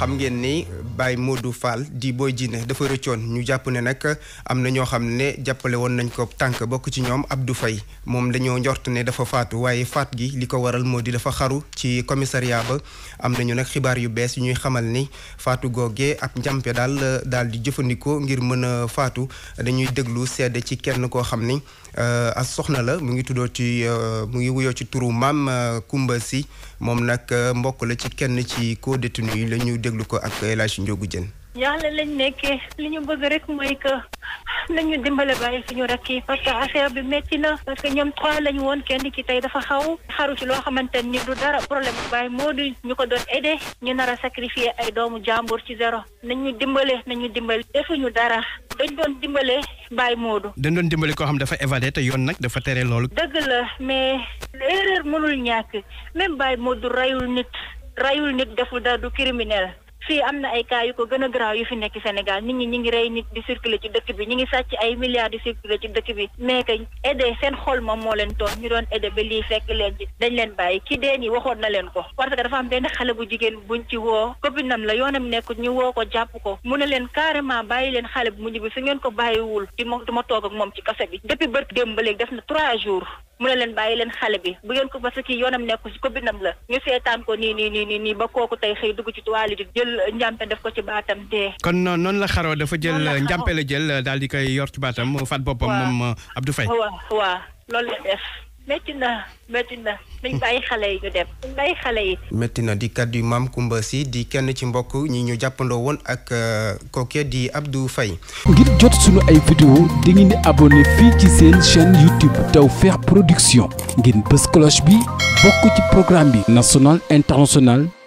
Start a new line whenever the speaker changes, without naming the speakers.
xam ngeen ni moo du Fall di Boy Djiné dafa rëccoon ñu jàpp ne nag am na ñoo xam ne jàppale woon nañ ko tànk bokk ci ñoom ab du Faye moom dañoo njort ne dafa faatu waaye faat gi li ko waral moo di dafa xaru ci commissariat ba am na ñu nag xibaar yu bees yu ñuy xamal ni faatu googee ab njàmpe daal daal di jëfandikoo ngir mën a faatu dañuy déglu sedd ci kenn koo xam ni euh, as soxna la mu ngi tuddoo ci euh, mu ngi wuyoo ci turu maam Kumba euh, si moom nag mbokk la ci kenn ci co-détenu déglu ko ak El Hadj Ndiogou Diène
yàlla lañ nekkee li ñu bëgg rek mooy que nañu dimbale bàyyi suñu rakk yi parce que affaire bi ci loo xamante ni di ñu ko ñu nar a sacrifier ay doomu jàmbur ci zéro nañu dimbale nañu dimbale defuñu dara dañ doon dimbale Baye Modou.
dañ doon dimbale koo xam dafa évadé te yoon nag dafa tere loolu.
dëgg la mais erreur mënul ñàkk même Baye Modou rayul nit. rayul nit deful dara du criminel fii am na ay cas yu ko gën a garaaw yu fi nekk Sénégal nit ñi ñi ngi rey nit di circuler ci dëkk bi ñi ngi sàcc ay milliards di circuler ci dëkk bi mais que seen xol moom moo leen toog ñu doon aidé ba lii fekk leen ci dañ leen bàyyi ki dee nii waxoon na leen ko parce que dafa am benn xale bu jigéen buñ ci woo ko copinam la yoonam nekkut ñu woo ko jàpp ko mu ne leen carrément bàyyi leen xale bu mu bi su ngeen ko bàyyiwul di ma ma toog ak moom ci kase bi bët démb ba léegi trois jours mu ne leen bàyyi leen xale bi bu ngeen ko parce que yoonam nekku si ko binam la ñu seetaan ko nii nii nii ba kooku tey xëy dugg ci toile di jël njàmpe def ko ci baatam dee.
kon noonu la xaroo dafa jël njàmpe la jël daal di koy yor ci baatam. faat boppam moom Abdou Faye. waaw
waaw loolu la def. métti na metti na nañ bàyyi xale yi
ñu na di kàddu maam Kumba si di kenn ci mbokk ñi ñu jàppandoo woon ak euh, kooke di Abdou Faye.
ngir jot suñu ay vidéo di ngeen di abonné fii ci seen chaîne YouTube Tawfekh Production ngeen bës cloche bi bokk ci programme bi national international.